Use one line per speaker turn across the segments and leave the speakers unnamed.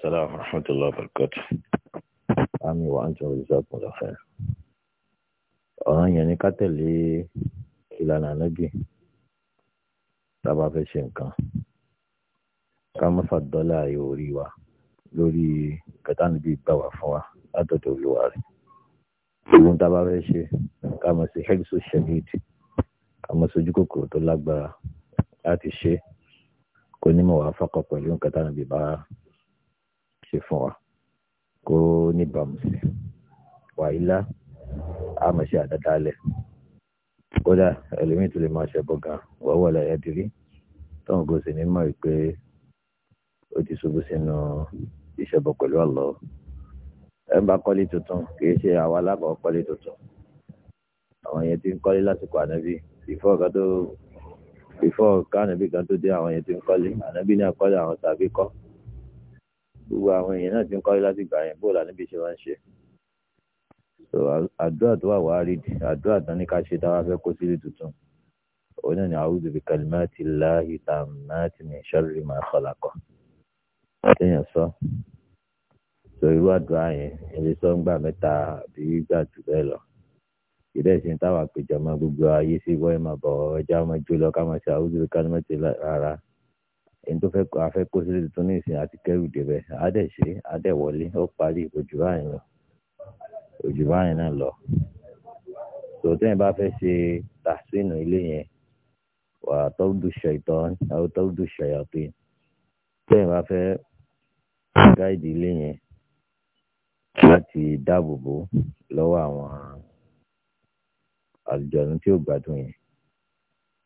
السلام ورحمة الله وبركاته àmì wà ń tún ìṣàkùn lọ́fẹ́ ọ̀ràn yẹn ni ká tẹ̀lé ìlànà ànábì tá a bá fẹ́ ṣe nǹkan ká má fàdọ́là orí wa lórí kẹtàníbí gbà wá fún wa látọ̀dọ̀ olúwa rẹ̀ ìwọ̀n tá a bá fẹ́ ṣe ká mọ̀ sí hexo shadid ká mọ̀ sójú kòkòrò tó lágbára láti ṣe kó nímọ̀ wá fọ́kọ̀ pẹ̀lú kẹtàníbí bá ṣe fún wa kó níbàámu sí wàhálà àmọ̀ṣẹ́ àdádálẹ̀ kódà ẹlòmíì tó lè máa ṣẹbọ gan wọ́wọ́ lẹ́yẹ ti rí tóun kò sì ní mọ̀ pé ó ti ṣubú sínú ìṣẹbọ pẹ̀lú ọ̀lọ́ ẹ ń bá kọ́lé tuntun kìí ṣe àwa alábọ̀ kọ́lé tuntun àwọn yẹn ti ń kọ́lé lásìkò ànábì before kan tó before kánábì kan tó dé àwọn yẹn ti ń kọ́lé ànábì náà kọ́lé àwọn tàbí kọ́ gbogbo àwọn èèyàn náà ti ń kọ́lé láti gbà yẹn bóòlù àníbi ṣe wọ́n ń ṣe. so àdúrà tó wà wá rí àdúrà tán ní ká ṣe dáwà fẹ́ kó sílé tuntun òun náà ni a'udhu bi kalimati llahi tammati min sharri ma khalaqa kéèyàn sọ so irú àdúrà yẹn ilé sọ ń gbà mẹ́ta àbí gbà jù bẹ́ẹ̀ lọ ìdẹ́ ìsìn táwọn àpèjọ ọmọ gbogbo ayé sí wọ́n máa bọ̀ ẹja ẹni tó fẹ́ kọ́ afẹ́ kó sílé tuntun ní ìsìn àti kẹ́rù débẹ̀ adẹ̀ ṣe adẹ̀ wọlé ó parí ojú báyìí lọ ojú báyìí náà lọ tòótọ́ yẹn bá fẹ́ ṣe tàṣínú ilé yẹn wà tọ́wọ́dù ṣẹ̀tọ́n àwọn tọ́wọ́dù ṣẹ̀yàpín tẹ́yìn bá fẹ́ gáìdì ilé yẹn láti dáàbò bò lọ́wọ́ àwọn àlùjọ̀nù tí ò gbádùn yẹn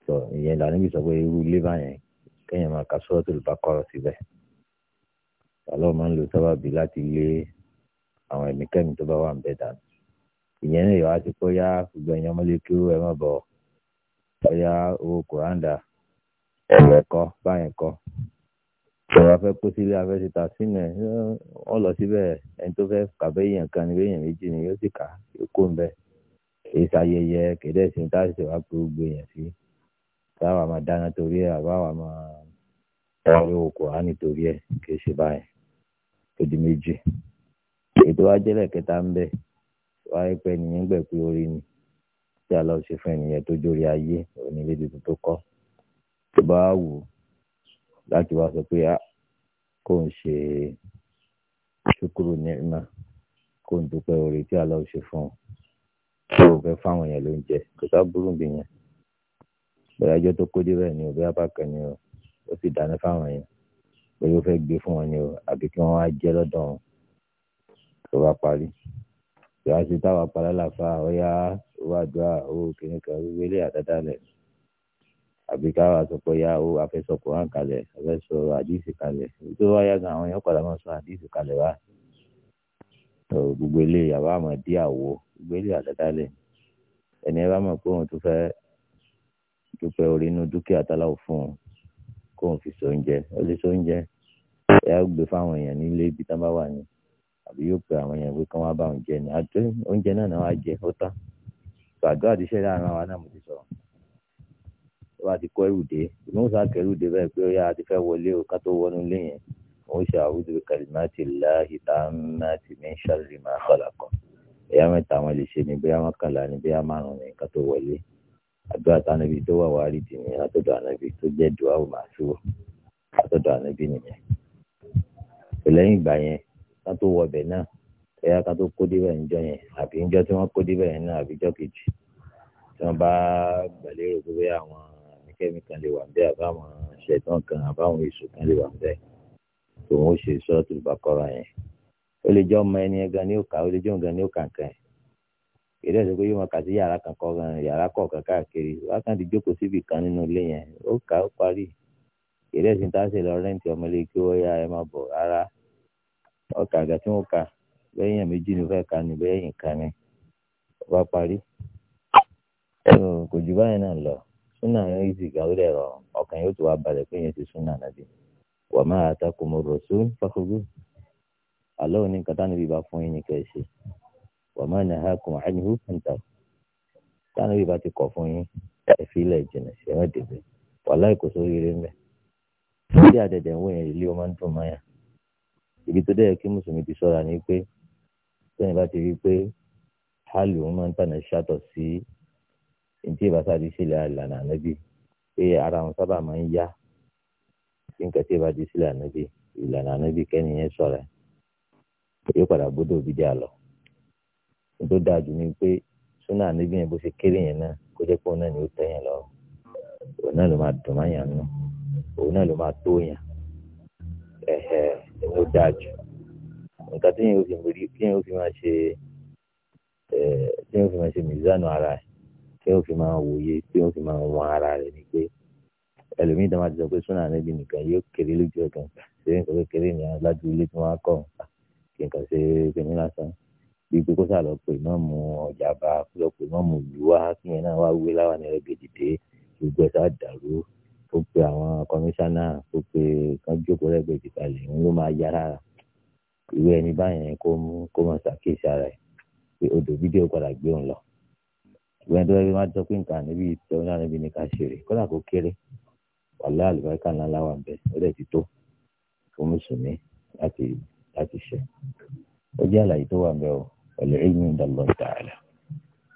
sọ ìyẹn lànà bí sọ pé irú ilé báyẹn kéèyàn máa ka Suratul Baqara síbẹ̀ àlọ́ máa ń lo sábàbí láti lé àwọn ẹ̀mí kẹ́mi tó bá wà ń bẹ̀ dànù ìyẹn náà yọ àti pé yá gbogbo ẹ̀yàn ọmọlé kí ó ẹ má bọ̀ ọ̀yá owó kòráǹdà ẹ̀rọ ẹ̀kọ́ báyìí kọ́ ìjọba fẹ́ kó sílé afẹ́ ti ta sínú ẹ̀ wọ́n lọ síbẹ̀ ẹni tó fẹ́ kàbẹ́ èèyàn kan ní èèyàn méjì ni yóò sì kà yóò kó ń bẹ̀ èyí ṣayẹyẹ kéde ẹ̀sìn tá wá gbogbo èèyàn sí táwa máa dáná torí àbáwa máa ọwọ́ lówó kò á nítorí ẹ̀ kì í ṣe báyìí tó di méjì ètò ajẹ́lẹ̀ kẹta ń bẹ̀ wáyé pé ẹnìyẹn gbẹ̀ pé orí ni tí a lọ ṣe fún ẹnìyẹn tó jórí ayé onílé tuntun tó kọ́ tó bá wù láti wá sọ pé a ah, kò ń ṣe ṣukuru nírìnà kò ń dúpẹ́ orí tí a ṣe fún ọ kò fẹ́ fáwọn èèyàn lóúnjẹ kò sá bì yẹn bẹ̀rẹ̀ ajọ́ tó kó dé bẹ́ẹ̀ ni òbí abákan ni o ó sì dáná fáwọn yẹn pé ó fẹ́ gbé fún wọn ni o àbí kí wọ́n wá jẹ lọ́dọ̀ wọn tó bá parí ìyá sí táwa padà láfa ọyá owó àdúrà owó kìnìún kan wíwé ilé àdáda lẹ àbí káwa sọ pé ya owó afẹsọ koran kalẹ̀ afẹsọ àdìsí kalẹ̀ tó wáyà gan àwọn èèyàn padà máa sọ àdìsí kalẹ̀ wá gbogbo ilé yàrá àmọ́ dí àwo gbogbo ilé àdáda lẹ ẹni ẹ bá mọ̀ pé òun tó fẹ́ dúpẹ́ orí inú dúkìá táláwò fún un kóun fi sóúnjẹ ó lè sóúnjẹ ẹ̀yà ó gbé fáwọn èèyàn nílé ibi tá bá wà ní àbí yóò pe àwọn èèyàn pé kán wá bá òun jẹ ní àjọ oúnjẹ náà náà wá jẹ ó tán gbàdúrà àdìsẹ́ láàrin àwọn náà mo ti sọ̀rọ̀ tó bá ti kọ́ ẹrù dé ìmúṣà kẹrù dé bẹ́ẹ̀ pé ó yá ti fẹ́ wọlé o ká tó wọnú ilé yẹn wọ́n ṣe àwùjọ kàlímàtì láàyè tá a máa ti ní ṣàlùmọ́ àkọlà kan ẹ̀yà mẹ́ta wọn lè ṣe ní bóyá mọ́kànlá ní bóyá márùn ní ká tó wọlé àdúrà tánàbí tó wà wárí dì ní àtọ́dọ̀ ànábì tó jẹ́ dùá ò máa ṣúwò àtọ́dọ̀ ànábì nìyẹn lẹ́yìn ìgbà yẹn ká tó wọ ọbẹ̀ náà ẹ̀yà ká tó kó débẹ̀ níjọ́ yẹn àbí níjọ́ tí wọ́n kó débẹ̀ yẹn náà àbíjọ́ kejì tí wọ́n bá gbàlérò pé bẹ́ẹ̀ àwọn akẹ́mi kan lè wà ń bẹ́ àbáwọn ṣẹ̀tàn kan àbáwọn èṣù kan lè wà ń bẹ́ tòun ó kìlẹ̀ ṣe pé yóò máa kà sí yàrá kankan yàrá kọ̀ọ̀kan káàkiri wákàtí jókòó síbi kan nínú ilé yẹn ó kà ó parí kìlẹ̀ ṣe ń tá a ṣe lọ rẹ́ǹtì ọmọlé kí ó yá ẹ máa bọ̀ rárá ọkà àgbà tí wọ́n kà bẹ́ẹ̀ yàn méjì ló fẹ́ ka ni bẹ́ẹ̀ yìn kan ni ó bá parí kò jù báyìí náà lọ súnà yẹn ìsì gàwé rẹ̀ rọ ọkàn yóò tó wá balẹ̀ pé yẹn ti súnà nàbí wà máa ta kò mọ̀ rọ̀ sún fàkógó àlọ́ òní kàtà níbi ìbá fún yín ní kẹ́ ẹ ṣe. wa ma nahakum anhu fantahu táwọn ibi ba ti kọ fún yín ẹ̀fí ilẹ̀ ìjìnà sí ẹ̀wọ̀n dèbè wàláì kò sórí eré mbẹ́. ìdí àdẹ̀dẹ̀ ń wòyàn ilé ọmọ ń dùn máyà ibi tó dẹ̀ kí mùsùlùmí ti sọ̀rọ̀ ni pé sẹ́yìn bá ti rí pé hálù ń máa ń tànà ṣàtọ̀ sí ìdí ìbáṣáàdì sílẹ̀ àlànà ànábì ara wọn sábà máa ń yá nǹkan tí ànábì ìlànà ànábì sọ̀rọ̀ tó dáa jù ni pé súnà níbí yẹn bó ṣe kéré yẹn náà kó jẹ́ pé òun náà ni ó tẹ̀yàn lọ òun náà ló máa dùn máa yàn nù òun náà ló máa tó yàn ẹ̀hẹ̀ ẹ̀ ló dáa jù nǹkan tí yẹn ò fi mìírí kí yẹn ò fi máa ṣe ẹ̀ tí yẹn ò fi máa ṣe mìzánù ara ẹ̀ kí yẹn ò fi máa wòye kí yẹn ò fi máa wọn ara rẹ̀ ni pé ẹlòmíì tó máa ti sọ pé súnà níbí nìkan yóò kéré lójú ọ̀gàn ṣé nǹkan kékeré ni alájú ilé bíi pé kó sàlọ pé náà mú ọjà bá lọ pé náà mú ìlú wá kí yẹn náà wá wé láwa ní ẹgbẹ̀dì dé gbogbo ẹ̀ sáà dàrú ó pe àwọn kọmíṣánná ó pe kan jókòó lẹ́gbẹ̀dì kalẹ̀ òun ló máa yá lára ìwé ẹni báyẹn kó mú kó mọ̀ ṣàkíyèsí ara ẹ̀ pé odò fídíò padà gbé òun lọ ìwé ẹni tó wáyé máa dọ́pẹ́ nǹkan níbi ìtọ́ náà níbi ní ká ṣeré kọ́lá kó kéré wàhálà àlùbáríkà ńlá láwà ń bẹ ó dẹ̀ ti tó fún mùsùlùmí láti láti ṣe ó jẹ́ àlàyé tó wà ń bẹ o. والعلم عند الله تعالى